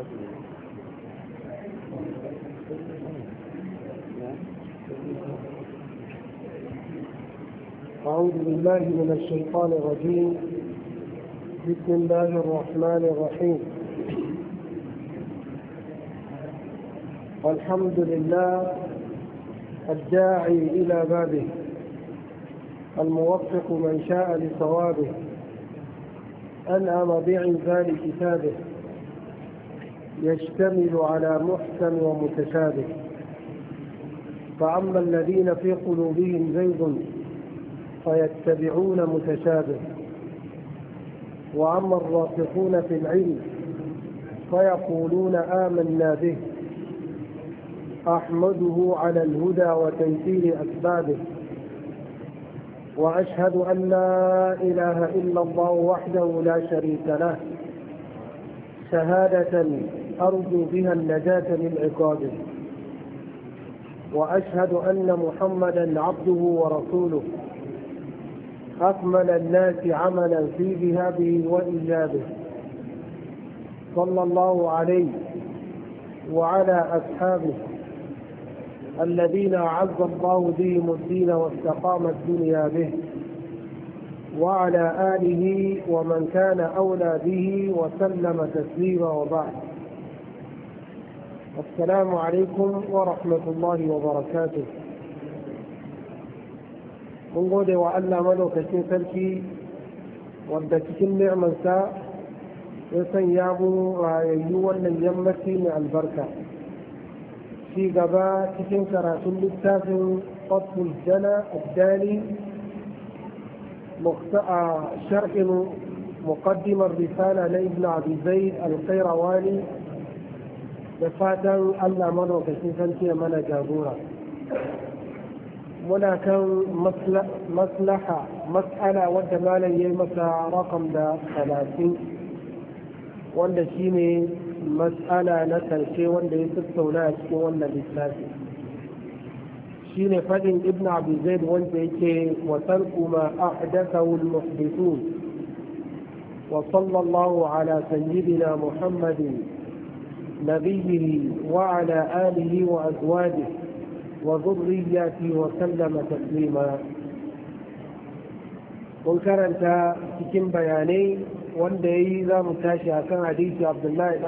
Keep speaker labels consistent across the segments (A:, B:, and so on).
A: نعم. أعوذ بالله من الشيطان الرجيم بسم الله الرحمن الرحيم الحمد لله الداعي إلى بابه الموفق من شاء لصوابه أنعم بعباد كتابه يشتمل على محسن ومتشابه فأما الذين في قلوبهم زيغ فيتبعون متشابه وأما الراسخون في العلم فيقولون آمنا به أحمده على الهدى وتيسير أسبابه وأشهد أن لا إله إلا الله وحده لا شريك له شهادة أرجو بها النجاة من عقابه وأشهد أن محمدا عبده ورسوله أكمل الناس عملا في ذهابه وإيجابه صلى الله عليه وعلى أصحابه الذين أعز الله بهم الدين واستقام الدنيا به وعلى آله ومن كان أولى به وسلم تسليما وبعد السلام عليكم ورحمة الله وبركاته من قد وعلا ملو كتن سلكي وعند كتن نعم انساء يسن يابو رايو ولن يمتي مع البركة في قباء كتن كرات اللتاف قطف الجنة الدالي مختأ شرح مقدم الرسالة لابن عبد الزيد القيرواني da fatan allah madaukakin san ce mana jagora muna kan maslaha masala wanda malam yayi masa rakam da 30 wanda shine masala na karshe wanda ya tattauna a cikin wannan littafi shine fadin ibn abi zaid wanda yake wa tarku ma ahdathu al-muhdithun wa sallallahu ala sayyidina muhammadin نبيه وعلى آله وأزواجه وذرياته وسلم تسليما mun karanta cikin bayanai wanda ya yi za mu tashi a kan hadisi abdullahi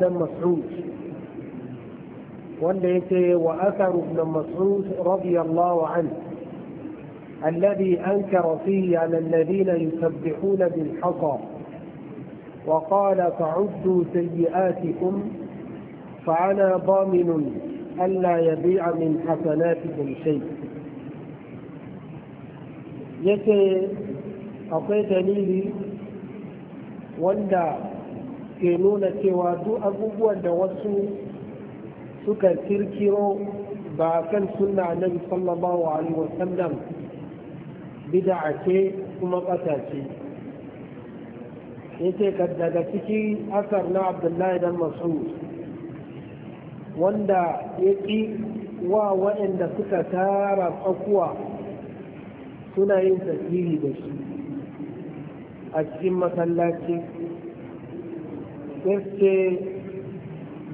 A: dan mas'ud wanda ya ce wa asar ibn mas'ud radiyallahu an الذي أنكر فيه على الذين يسبحون بالحصى وقال فعدوا سيئاتكم فأنا ضامن ألا يبيع من حسناتكم شيء yake akwai dalili wanda ke nuna cewa duk abubuwan da wasu suka kirkiro ba kan sunna annabi sallallahu alaihi wasallam bid'a ce kuma ƙasa ce yace daga cikin asar na abdullahi dan masu wanda ya ƙi wa waɗanda suka tara tsakuwa suna yin tasiri da shi a cikin masallaci sai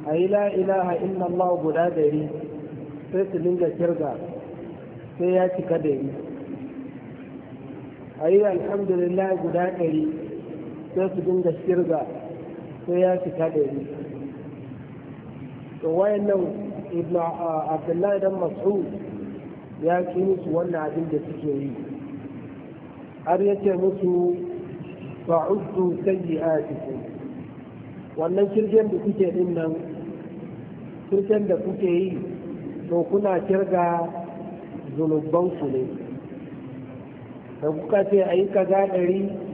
A: a yi la'ilaha Allah guda dari sai su dinga kirga sai ya cika dari a yi alhamdulillah guda dari sai su dinga shirga sai ya fita yi to wayannan ibn abdullahi dan mas'ud ya ki musu wannan abin da suke yi har ya ce musu fa'uddu sayyi'atikum wannan kirgen da kuke din nan kirgen da kuke yi to kuna kirga zunubanku ne da kuka ce a yi kaza ɗari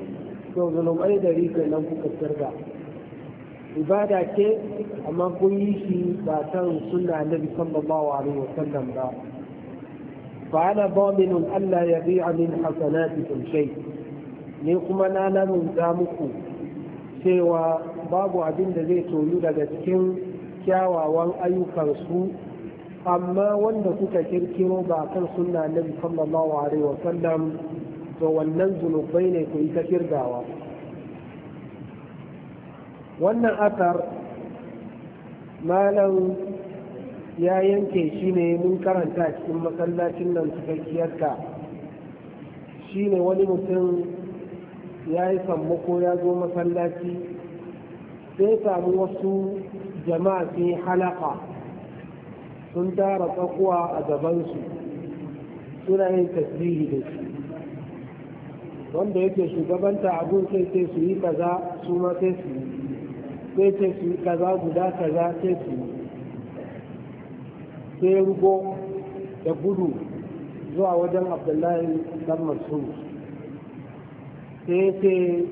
A: to zulumai dari kenan kuka sirga ibada ce amma kun yi shi ba kan sunna nabi sallallahu alaihi wasallam ba fa ana baminun Allah ya bi'a min hasanatikum shay ne kuma na lamun da muku cewa babu abin da zai toyu daga cikin kyawawan ayyukansu amma wanda kuka kirkiro ba kan sunna nabi sallallahu alaihi wasallam to wannan zunubai ne ku yi ta kirgawa wannan asar malam ya yanke shi ne mun karanta cikin masallacin nan cikakkiyarka shi ne wani mutum ya yi sammako ya zo masallaci sai samu wasu jama'a sun yi halaka sun tara tsakuwa a gabansu suna yin tasiri da shi wanda yake shugabanta abun sai sai su yi kaza su ma sai su sai su yi kaza guda kaza sai su sai rugo da gudu zuwa wajen abdullahi dan masu sai sai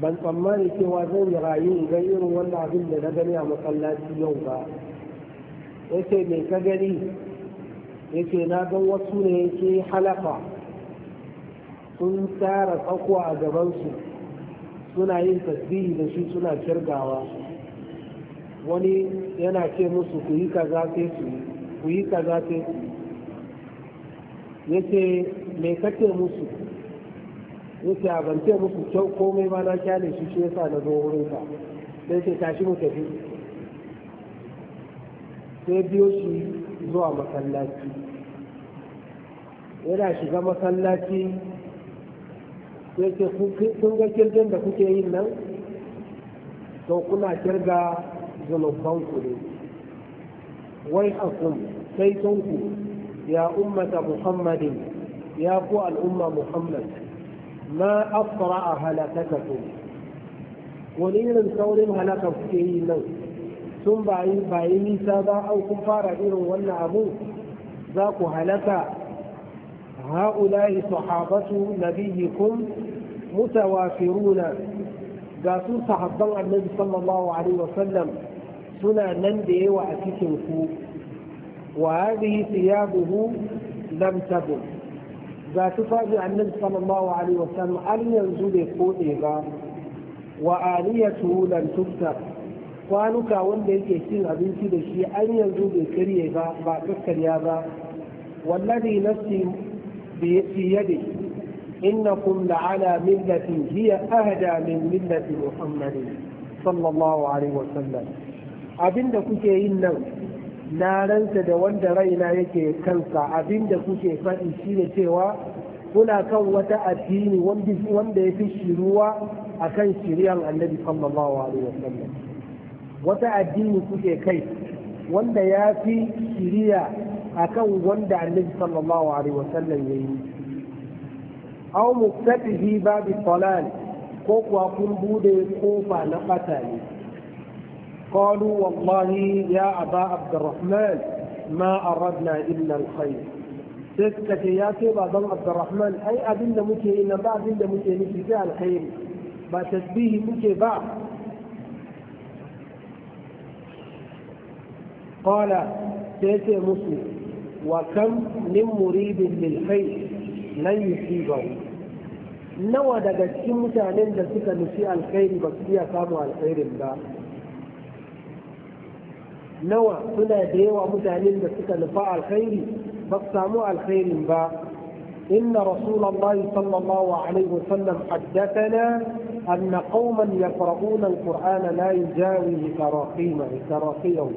A: ban tsammani cewa zan yi rayu ga irin wannan abin da na gani a masallaci yau ba yace mai ka gani yace na ga wasu ne ke halafa sun tsara tsako a gabansu suna yin tasbihi da shi suna kirgawa wani yana ce musu ku yi kaza sai su ku yi kaza sai su yace me kace musu yace a ban ce musu kyau komai ba na kyale shi shi yasa na zo wurin ka sai ce tashi mu tafi sai biyo shi zuwa masallaci yana shiga masallaci sai ce kun ga kirgin da kuke yin nan to kuna kirga zunubanku ne wai akun sai ya ummata muhammadin ya ku al'umma muhammad Na afkara a halakakaku wani irin saurin halaka kuke yi nan sun bayi nisa ba an kun fara irin wannan abu za ku halaka هؤلاء صحابة نبيكم متوافرون قاسوا صحابة النبي صلى الله عليه وسلم سنة نندي وأتكنكو وهذه ثيابه لم تبن قاسوا فاجع النبي صلى الله عليه وسلم أن ينزل قوئها وآليته لم تفتر kwanuka wanda yake cin abinci da shi an yanzu bai karye ba ba kakkarya ba wallazi nafsi في يده إنكم لعلى ملة هي أهدى من ملة محمد صلى الله عليه وسلم abin da kuke yin nan na ranta da wanda raina yake kansa abinda kuke faɗi shi cewa kuna kan wata addini wanda ya fi shiruwa a kan shiryan annabi sallallahu alaihi wasallam wata addini kuke kai wanda ya fi shiriya akan wanda annabi sallallahu alaihi wasallam ya yi aw muftatihi babi talal ko kuwa kun bude kofa na bata ne qalu wallahi ya aba abdurrahman ma aradna illa alkhair sai suka ce ya ce baban abdurrahman ai abin da muke yi na ba abin da muke nufi sai alkhairi ba tasbihi muke ba qala sai ce musu وكم من مريد للخير لن يصيبه نوى دقت متعلم دقت نسيء الخير بس فيها كام الخير ده نوى كنا ديوا متعلم دقت نفاء الخير بس سامو الخير ده إن رسول الله صلى الله عليه وسلم حدثنا أن قوما يقرؤون القرآن لا يجاوز تراقيمه تراقيمه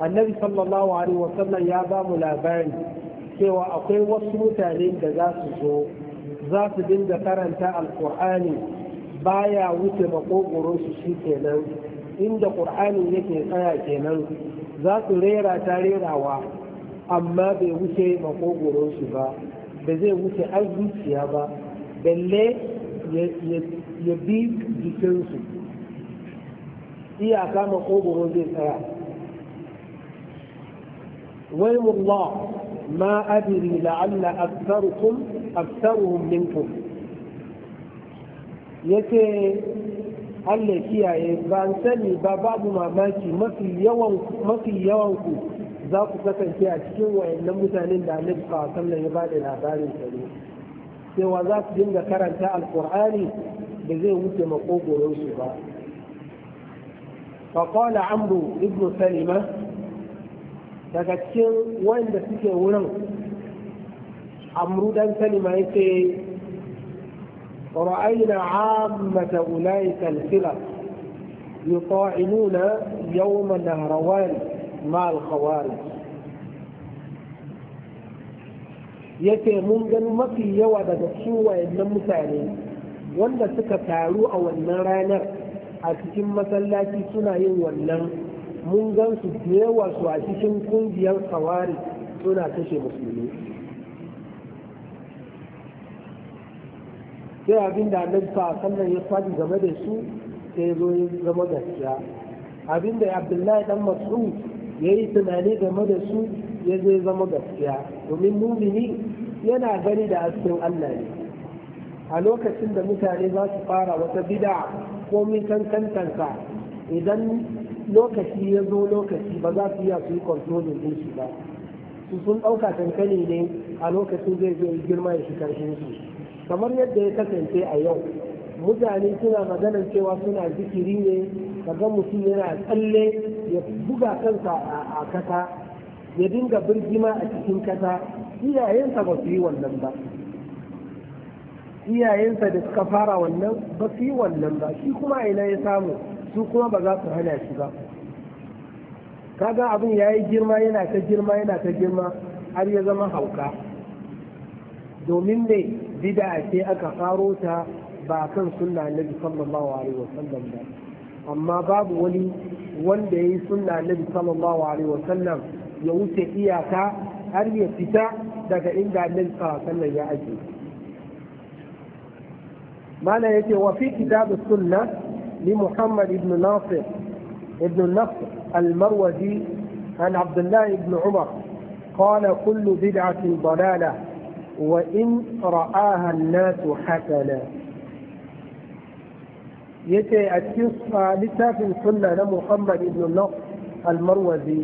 A: annabi sallallahu alaihi wasallam ya ba mu labarin, cewa akwai wasu mutane da za su zo za su dinga karanta alkur'ani baya wuce su shi kenan inda ƙur'ani yake tsaya kenan za su rera ta rerawa amma bai wuce su ba da zai wuce an ba balle ya bi jikinsu iyaka makogoro zai tsaya ويم الله ما أدري لعل أكثركم أكثرهم منكم ce Allah kiyaye ba an sani ba babu mamaki mafi yawan ku za ku kasance a cikin wayannan mutanen da Annabi sallallahu ya bada labarin sa ne cewa za su dinga karanta alqur'ani da zai wuce makogoron su ba fa qala amru ibnu salima daga cikin wanda suke wurin amru dan salima yace ra'ayna 'ammata ulai al-khilaf yuqa'inuna nahrawan ma al-khawarij yace mun gani mafi yawa daga cikin wayannan mutane wanda suka taru a wannan ranar a cikin masallaci suna yin wannan mun gan su da su a cikin kungiyar kawari suna kashe musulmi sai abin da annabi fa sannan ya faɗi game da su sai zo ya zama gaskiya abin da abdullahi dan mas'ud ya yi tunani game da su ya zo ya zama gaskiya domin mumini yana gani da askin Allah ne a lokacin da mutane za su fara wata bida ko kankan kankantansa idan lokaci ya zo lokaci ba za su iya su yi kontrolin din shi ba su sun ɗauka kankani ne a lokacin zai zo girma ya shi karshen su kamar yadda ya kasance a yau mutane suna maganar cewa suna zikiri ne kaga mutum yana tsalle ya buga kansa a kasa ya dinga birgima a cikin kasa iyayensa ba su yi wannan ba iyayensa da suka fara wannan ba su yi wannan ba shi kuma ina ya samu su kuma ba za su hana shi ba kaga abin ya yi girma yana ta girma yana ta girma har ya zama hauka domin ne bida ce aka faro ta ba kan sunna annabi sallallahu alaihi wasallam ba amma babu wani wanda ya yi sunna annabi sallallahu alaihi wasallam ya wuce iyaka har ya fita daga inda annabi sallallahu alaihi wasallam ya ajiye mana yake wa fi kitab sunna لمحمد بن ناصر بن النصر المروزي عن عبد الله بن عمر قال كل بدعة ضلالة وإن رآها الناس حسنا يتي أتيصفى لتاف السنة لمحمد بن النصر المروزي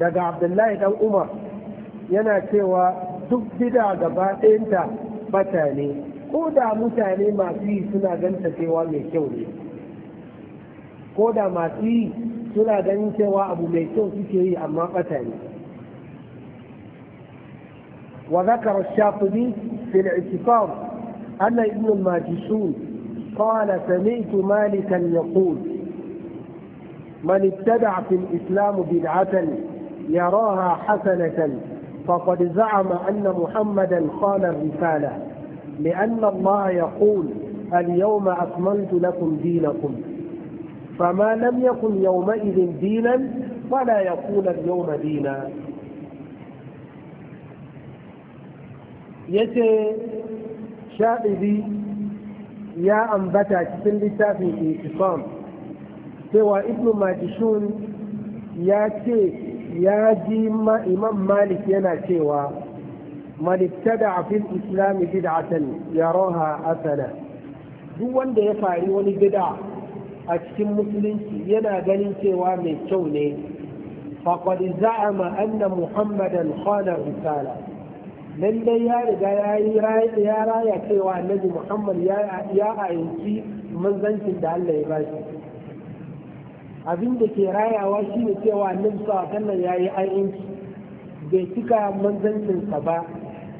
A: لدى عبد الله بن عمر ينا سوى duk gida gaba ɗayanta mutane ko da mutane masu yi suna ganta cewa mai kyau ne ko da masu yi suna ganin cewa abu mai kyau suke yi amma ɓata ne wa zakar shafi في الاعتصام أن ابن الماجشون قال سمعت مالكا يقول من ابتدع في الإسلام بدعة يراها حسنة فقد زعم أن محمدا خان الرسالة لأن الله يقول اليوم أكملت لكم دينكم فما لم يكن يومئذ دينا فلا يكون اليوم دينا yace shaɗibi ya ambata cikin littafin itifam cewa ibnu majishun ya ce ya ji imam malik yana cewa man ibtada fil islam bid'atan yaraha asana duk wanda ya fari wani bid'a a cikin musulunci yana ganin cewa mai kyau ne faƙad za'ama anna muhammadan khana risala nan dai ya riga ya raya cewa annabi muhammad ya ayyanci manzancin da allah ya bashi abin da ke rayawa shi ne cewa annabi sa sannan ya yi ayyanci bai cika manzancinsa ba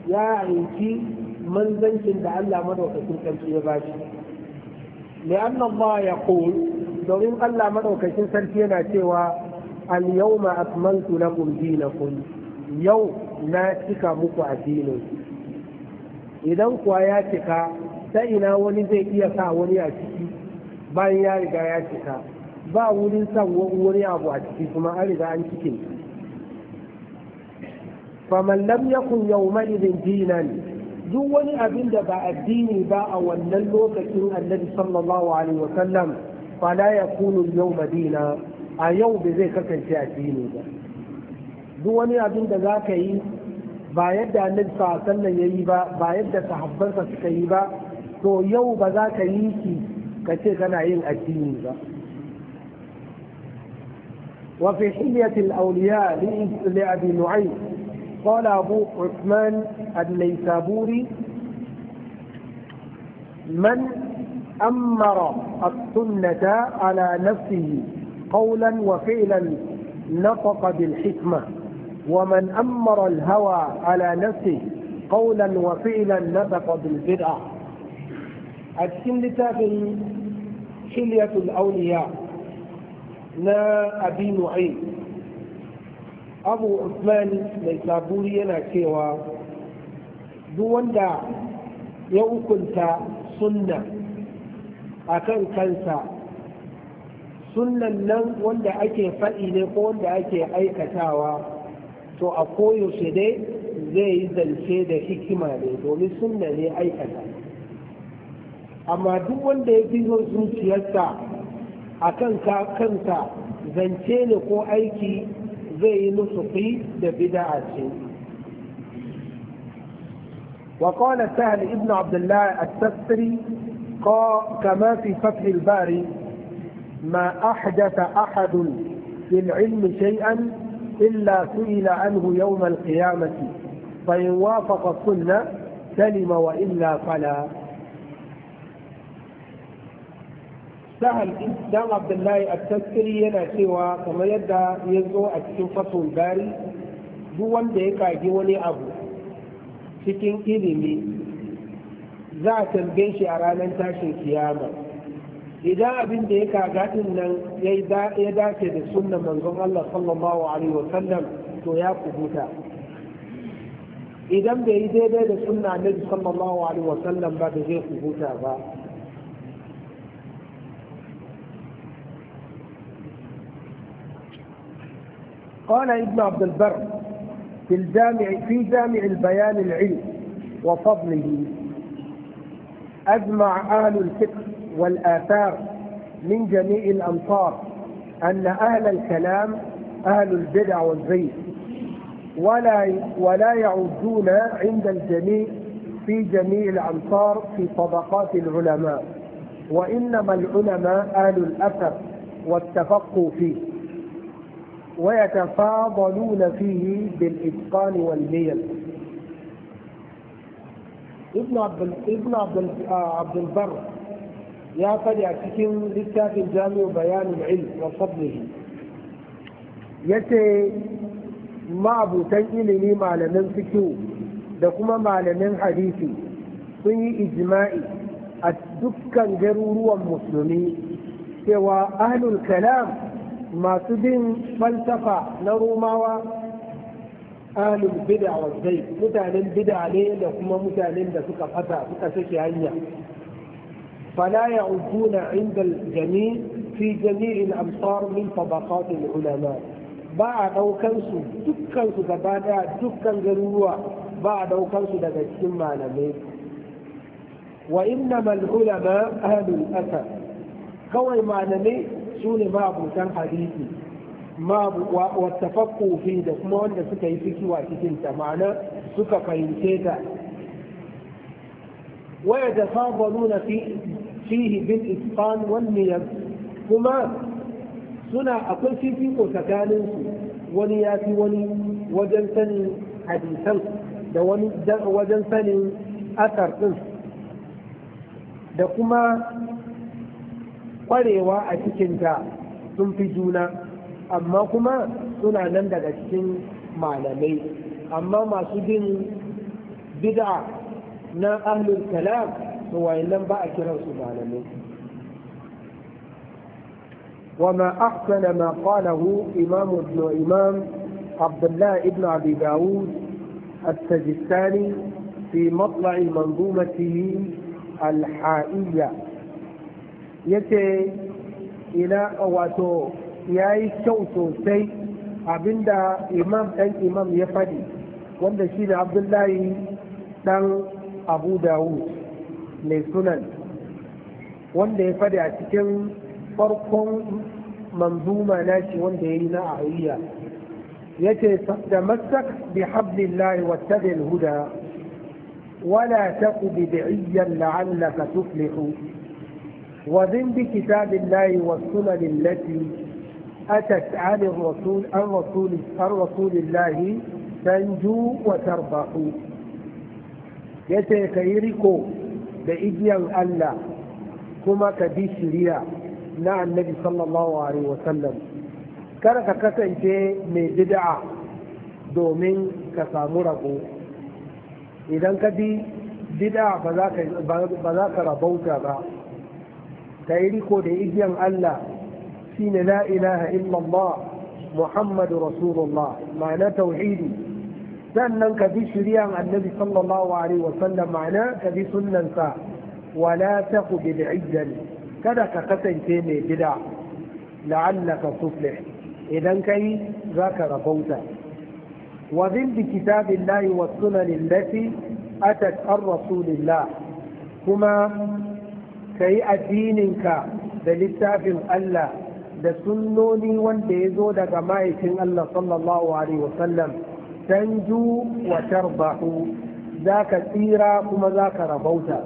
A: ya ayyanci manzancin da allah madaukakin ƙarfi ya bashi Mai لأن الله يقول domin Allah maɗaukacin sarki yana cewa al-yawma akmaltu lakum dinakum yau na cika muku addinin idan kuwa ya cika ta ina wani zai iya sa wani a ciki bayan ya riga ya cika ba wurin san wani abu a ciki kuma an riga an cike faman lam yakun yawma idin dinan duk wani abin da ba addini ba a wannan lokacin annabi sallallahu alaihi wa sallam fala yakunu yau madina a yau ba zai kasance addini ba duk wani abin da za ka yi ba yadda annabi sallallahu alaihi ya yi ba ba yadda sahabbansa suka yi ba to yau ba za ka yi shi ka ce kana yin addini ba وفي حلية الأولياء لأبي نعيم قال أبو عثمان النيسابوري من أمر السنة على نفسه قولا وفعلا نطق بالحكمة ومن أمر الهوى على نفسه قولا وفعلا نطق بالبدعة السنة حلية الأولياء لا أبي نعيم abu usman mai saburi yana cewa duk wanda ya hukunta sunna a kan kansa sunan nan wanda ake faɗi ne ko wanda ake aikatawa to a koyaushe dai zai yi zance da hikima ne domin sunna ne aikata amma duk wanda ya fi zo zuciyarsa a kan kansa zance ne ko aiki zai yi وقال سهل ابن عبد الله السفتري كما في فتح الباري ما أحدث أحد في العلم شيئا إلا سئل عنه يوم القيامة فإن وافق السنة سلم وإلا فلا sahal dan abdullahi a taskiri yana cewa kamar yadda ya zo a cikin fasul bari duk wanda ya kage wani abu cikin ilimi za a tambaye shi a ranar tashin kiyama idan abin da ya kaga din nan ya dace da sunan manzon Allah sallallahu alaihi wasallam to ya kubuta idan bai yi daidai da sunna annabi sallallahu alaihi wasallam ba da zai kubuta ba قال ابن عبد البر في الجامع في جامع البيان العلم وفضله أجمع أهل الفقه والآثار من جميع الأمصار أن أهل الكلام أهل البدع والزيف ولا ولا يعودون عند الجميع في جميع الأمصار في طبقات العلماء وإنما العلماء أهل الأثر والتفقه فيه ويتفاضلون فيه بالإتقان والميل ابن عبد ابن عبد عبد البر يا قد أتكن لكتاب الجامع بيان العلم وفضله yace ma'abutan ilimi malamin fikihu da kuma malamin hadisi sun yi ijma'i a dukkan garuruwan musulmi cewa ahlul kalam masu bin falsafa na romawa ahlul bid'a wa zai mutanen bid'a ne da kuma mutanen da suka fata suka sake hanya fala ya'uduna 'inda jami fi jami' al-amsar min tabaqat ulama ba a daukansu su dukkan su gaba daya dukkan garuruwa ba a daukansu daga cikin malamai wa innamal ulama ahlul asar kawai malamai su ne ma'abutan hadisi wata fi da kuma wanda suka yi fikiwa cikin ma'ana suka fahimce ta waya da nuna fihi bin isfan wani kuma suna akwai fifiko tsakaninsu wani ya fi wani wajen sanin hadisan da wani wajen sanin asar ɗin da kuma kwarewa a cikinta sun fi juna amma kuma suna nan daga cikin malamai amma masu bin bid'a na ahlul kalam to wayannan ba a su malamai وما أحسن ما قاله إمام ابن إمام عبد الله ابن أبي داود السجستاني في مطلع منظومته الحائية ya ce ina wato ya yi kyau sosai abinda imam ɗan imam ya faɗi wanda shi da abdullahi ɗan abu dawud mai sunan wanda ya faɗi a cikin farkon manzuma na shi wanda ya yi na ariya ya ce da masak bi hablillahi wata huda wala taku bi da'iyyar la'allaka tuflihu وذن بكتاب الله والسنن التي أتت عن الرسول عن رسول الله تنجو وتربح يتكيركو بإجيا ألا كما كدي شريا نع النبي صلى الله عليه وسلم kada ka kasance من bid'a دومين ka إذا كدي idan بذاك بذاك bid'a ka yi riko da igiyan Allah shi ne la ilaha illallah Muhammadu Rasulullah ma'ana tauhidi sannan ka bi shiryan annabi sallallahu alaihi wa sallam ma'ana ka bi sunnansa wa la wala bi bid'iyyan kada ka kasance mai bid'a la'allaka tuflih idan kai zaka rabauta wa bin bi kitabillahi was sunan allati atat ar-rasulillah kuma ka yi addininka da littafin Allah da sunnoni wanda ya zo daga mahaifin Allah sallallahu alaihi wasallam tanju wa tarbahu za ka tsira kuma za ka rabauta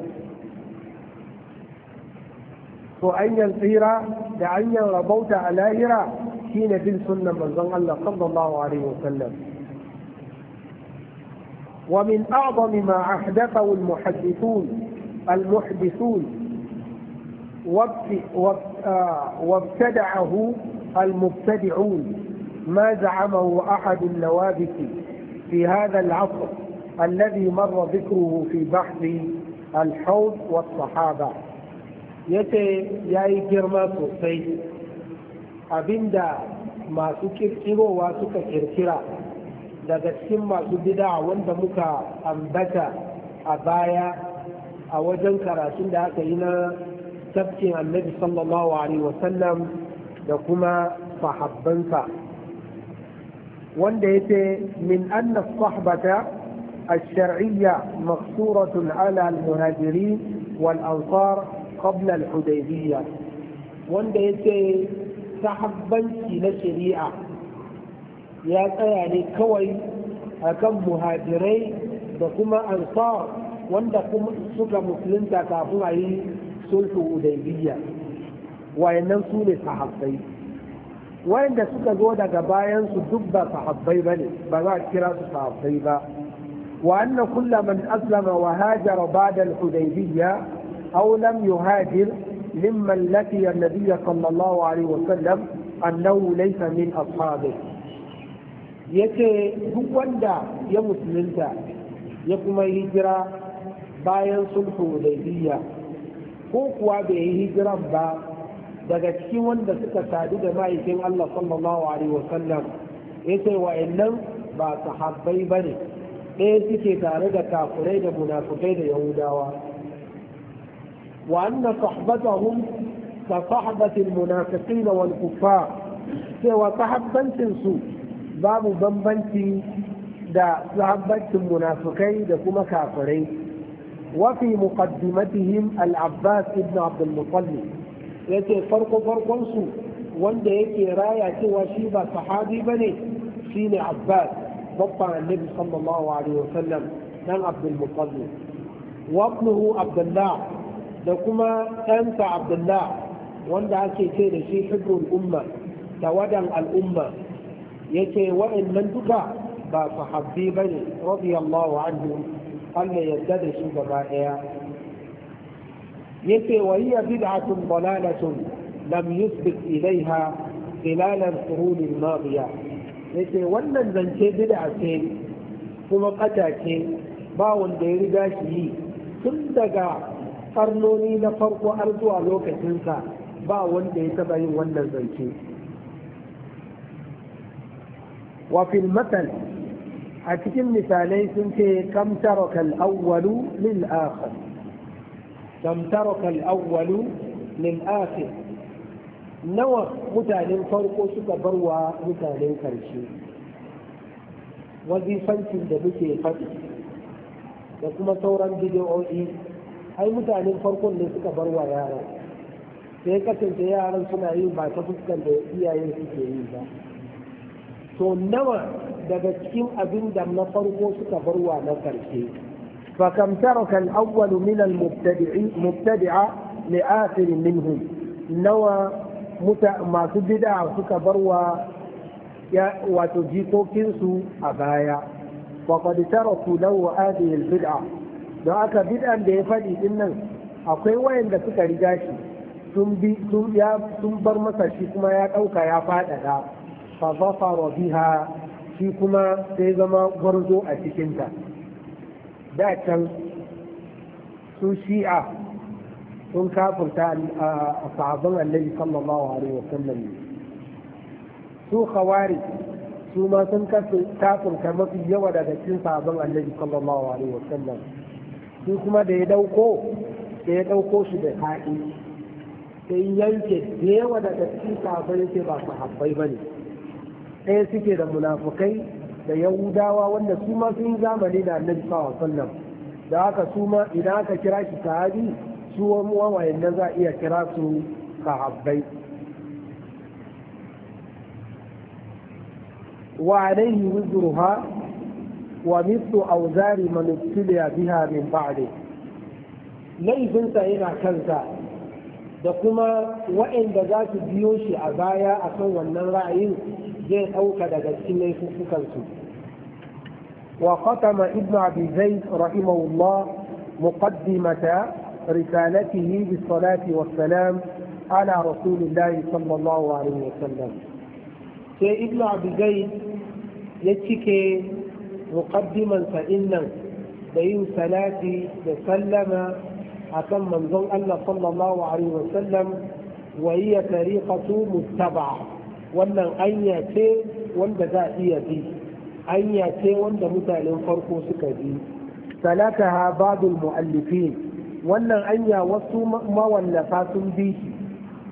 A: to anyan tsira da anyan rabauta a lahira shine bin sunnan manzon Allah sallallahu alaihi wasallam ومن أعظم ما أحدثه المحدثون المحدثون وابتدعه المبتدعون ما زعمه أحد النوابت في هذا العصر الذي مر ذكره في بحث الحوض والصحابة yace ya yi girma sosai abinda masu kirkirowa suka kirkira daga cikin masu bida wanda muka ambata a baya a wajen karatun da aka yi na tafarkin annabi sallallahu alaihi wasallam da kuma sahabbansa wanda yace min anna sahbata الشرعية مقصورة على المهاجرين والأنصار قبل الحديبية wanda ya sahabbanci na shari'a ya tsaya ne kawai akan muhajirai da kuma ansar wanda suka musulunta kafin a yi صلح أديبية وإنهم سولي صحبي وإن دا سكا جودا قباين سدب بني بغا كراس صحبي با وأن كل من أسلم وهاجر بعد الحديبية أو لم يهاجر لمن لقي النبي صلى الله عليه وسلم أنه ليس من أصحابه yake duk wanda ya musulunta ya kuma hijira bayan ko kuwa bai yi hijiran ba daga cikin wanda suka sadu da ma'aikin Allah sallallahu alaihi wasallam yace nan ba sahabbai ne. ɗaya suke tare da kafurai da munafukai da yahudawa wa anna sahbatahum ka sahbatil munafiqin wal kuffar cewa sahabbancin su babu bambanci da sahabbancin munafukai da kuma kafirai وفي مقدمتهم العباس ابن عبد المطلب يتي فرق فرق سو وند يتي راية وشيبة صحابي بني شين عباس بطا النبي صلى الله عليه وسلم كان عبد المطلب وابنه عبد الله دكما أنت عبد الله وند أكي تيري شي حبر الأمة تودا الأمة يتي وإن من دكا با صحابي بني رضي الله عنهم Allah yadda da shi gaba ɗaya yake wa hiya bid'atun dalalatun lam yusbit ilaiha khilal al-qurun al-madiya yake wannan zance da ce kuma kata ce ba wanda ya riga shi yi tun daga ƙarnoni na farko har zuwa lokacinsa ba wanda ya taɓa yin wannan zance wa fil matal أتكلم مثالين سنتي كم ترك الأول للآخر كم ترك الأول للآخر نوى متعل فرق سكى بروى متعل وذي فنس دبتي فتح لكما ثورا بدعوه أي متعل فرق لسكى بروى يا رب sai ka tunce yaran suna yi ba ta daga cikin abin da na farko suka barwa na karshe fakam taraka al-awwal min al-mubtadi'a li akhir minhum nawa masu bid'a suka barwa wato jikokinsu a baya وقد تركوا له هذه البدعة don aka bid'an da ya faɗi din nan akwai wayanda suka riga shi sun bi sun ya sun bar masa shi kuma ya ɗauka ya faɗaɗa fa zafara biha shi kuma sai zama gwarzo a cikinta da can su shi'a sun kafurta a sahabban annabi sallallahu alaihi sallam. su khawari su ma sun kafurta mafi yawa daga cikin sahabban annabi sallallahu alaihi sallam. su kuma da ya dauko da ya dauko shi da haɗi sai yanke da yawa daga cikin sahabbai sai ba su habbai ba ne ɗaya suke da munafukai da yahudawa wanda su ma sun zamani da annabi sallallahu sallam da haka su ma idan aka kira shi sahabi su wa wayannan za iya kira su sahabbai wa alaihi wuzruha wa mithlu awzari man ibtiliya biha min ba'di laifinsa yana kansa da kuma waɗanda za su biyo shi a baya akan wannan ra'ayin زين أوكد جسيمة فكرته وختم ابن ابي زيد رحمه الله مقدمة رسالته بالصلاة والسلام على رسول الله صلى الله عليه وسلم في ابن ابي زيد يتكى مقدما فإن بين صلاة وسلم أتم من الله صلى الله عليه وسلم وهي طريقة متبعة wannan anya ce wanda za a iya bi anya ce wanda mutanen farko suka bi salakaha babul mu'allifin wannan anya wasu mawallafa sun bi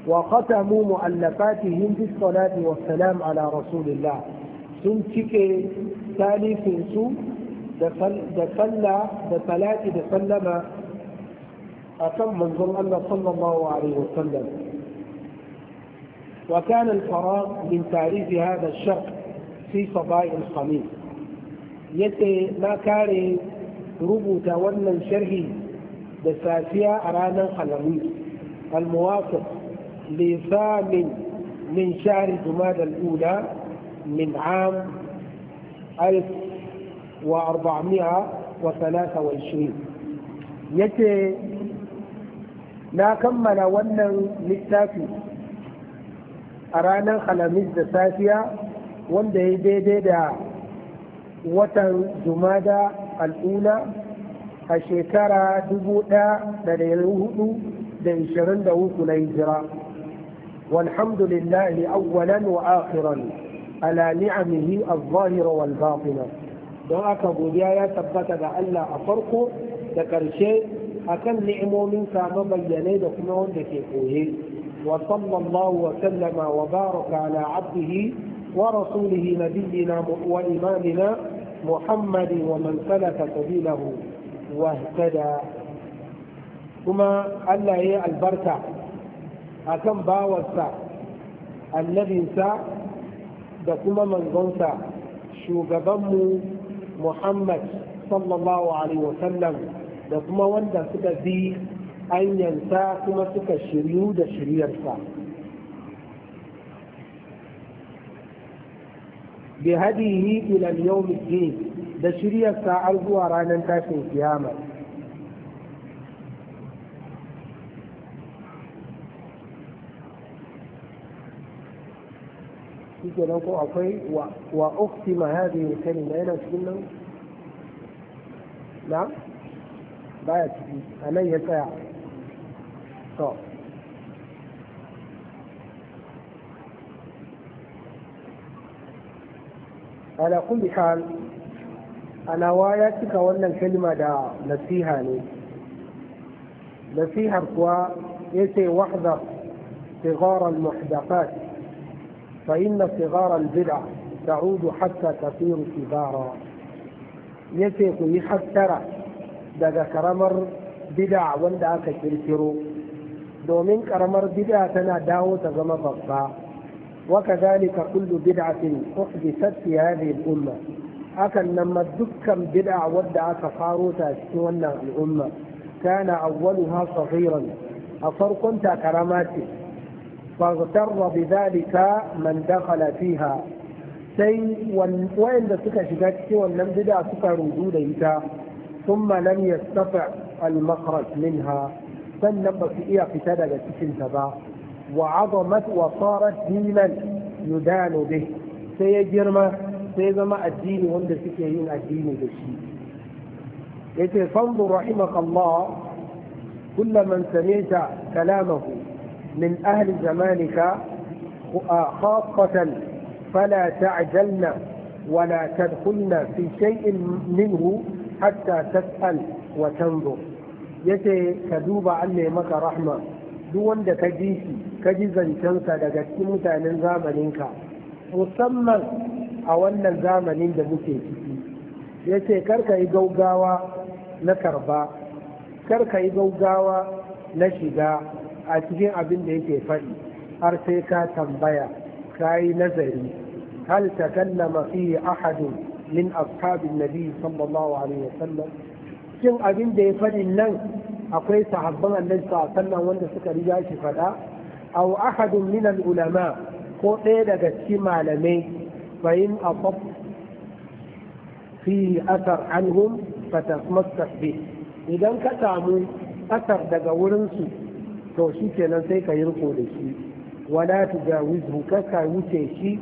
A: wa qatamu mu'allafatihim bis salati wa salam ala rasulillah sun cike talifin su da sallah da salati da sallama akan manzon Allah sallallahu alaihi wasallam وكان الفراغ من تعريف هذا الشرع في صبايا الخميس يتي ما كان ربو ومن شره بساسية أرانا خلميس الموافق لثامن من شهر جماد الأولى من عام 1423 يتي ما كمل ومن للتاكي a ranar alhamis da safiya wanda ya daidai da watan jumada al'ula a shekara 1423 na hijira والحمد لله أولا وآخرا على نعمه الظاهرة والباطنة don aka godiya ya tabbata da Allah a farko da ƙarshe akan ni'imominsa mabayyanai da kuma wanda ke koye وصلى الله وسلم وبارك على عبده ورسوله نبينا وإمامنا محمد ومن سلك سبيله واهتدى كما ألا هي البركة أكم باوسا الذي سا دكما من غنسا شوغبم محمد صلى الله عليه وسلم دكما وانت سكا an yanta kuma suka shiryu da shiryarsa bi hadihi ila yawm din da shiryarsa har zuwa ranar tashin kiyama shike nan ko akwai wa uktima hadhihi kalima yana cikin nan na baya ciki a nan ya tsaya على كل حال انا وايا كيكا الكلمة kalma نسيها لي نسيها nasiha kuwa yace صغار المحدثات فإن صغار البدع تعود حتى تصير كبارا يتيق يحسر دقا كرمر بدع وندعك كرترو domin karamar بدعة tana dawo ta وكذلك كل بدعة أحدثت في هذه الأمة أكن لما دكم بدعة ودع تقاروتا سونا الأمة كان أولها صغيرا أصر كنت كراماتي فاغتر بذلك من دخل فيها سي وين سكا شكاكي ولم بدع سكا ردود ثم لم يستطع المخرج منها سنة بسيئة كتابة لكي تبا وعظمة وصارة دينا يدان به سيجرم سيجرم الدين وند سكيين الدين بشي إذا فانظر رحمك الله كل من سمعت كلامه من أهل زمانك آه، خاصة فلا تعجلن ولا تدخلن في شيء منه حتى تسأل وتنظر yace ka duba Allah ya maka rahma duk wanda ka ji shi ka ji zancensa daga cikin mutanen zamaninka musamman a wannan zamanin da muke ciki yace karka yi gaugawa na karba karka yi gaugawa na shiga a cikin abin da yake faɗi har sai ka tambaya ka yi nazari hal takallama fi ahadun min ashabin nabi sallallahu alaihi wasallam cin abin da ya faɗi nan akwai sahabban annabi sannan wanda suka riga shi faɗa aw ahadun min ulama ko ɗaya daga cikin malamai bayin in fi asar anhum fatamassak bi idan ka samu asar daga wurin su to shi kenan sai ka yi da shi wala ka ka wuce shi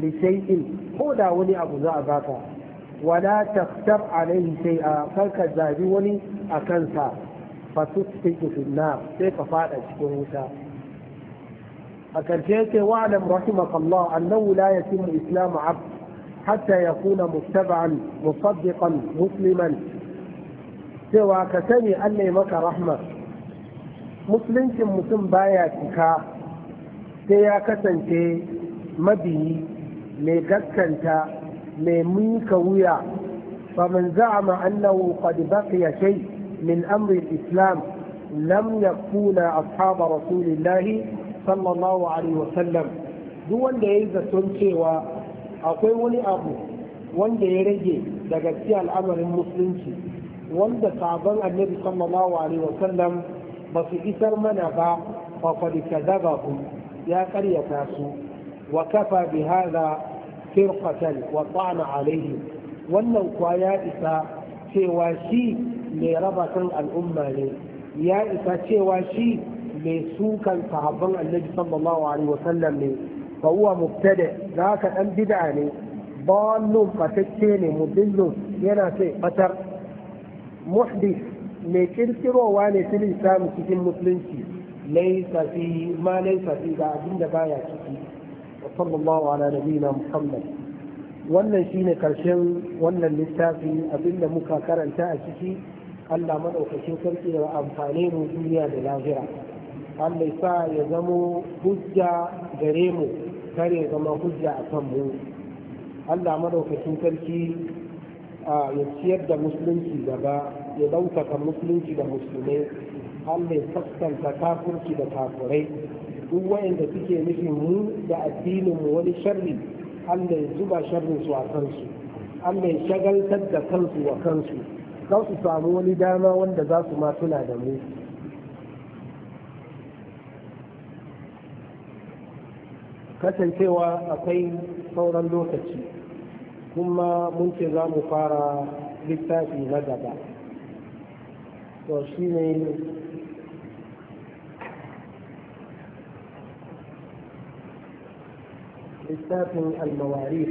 A: li shay'in ko da wani abu za a baka wala taftar alaihi a karka zabi wani a kansa fa su fi nar sai ka fada cikin wuta a karshe yake wa'lam rahimakallah annahu la yatimu islamu abd hatta yakuna muttaba'an musaddiqan musliman cewa ka sani Allah ya maka rahma musuluncin mutum baya cika sai ya kasance mabiyi mai gaskanta ميميك ويا فمن زعم أنه قد بقي شيء من أمر الإسلام لم يكون أصحاب رسول الله صلى الله عليه وسلم دول ليزة تنشي و أقول أبو وان دي رجي الأمر المسلم وان دي النبي صلى الله عليه وسلم بس إسر من أبا فقد كذبهم يا قرية وكفى بهذا firqatan wa ta'ana alaihi wannan kuwa ya isa cewa shi mai raba kan al'umma ne ya isa cewa shi mai sukan sahabban annabi sallallahu alaihi wasallam ne fa huwa mubtada za ka dan bid'a ne dallun fatacce ne mudillun yana sai fatar muhdith mai kirkirowa ne fil islam cikin musulunci laysa fi ma laysa fi da abinda baya ciki وصلى الله على نبينا محمد wannan shine karshen wannan littafi abinda muka karanta a ciki Allah maɗaukacin sarki da amfane mu duniya da lafiya. Allah sa ya zamo hujja gare mu kare zama hujja a kan mu Allah madaukakin sarki ya ciyar da musulunci gaba ya ɗaukaka musulunci da musulmai Allah ya sassanta da kafurai duk wayanda suke nufin mu da addinin mu wani sharri Allah ya zuba sharrin su a kansu Allah ya shagaltar da kansu a kansu za su samu wani dama wanda za su ma tuna da mu kasancewa akwai sauran lokaci kuma mun ce za mu fara littafi na gaba to shi ne حساب المواريث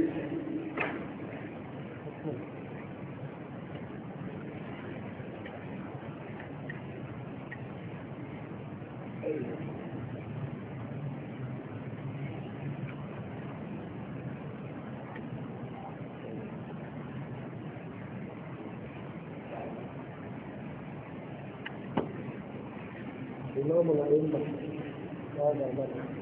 A: Thank you. هذا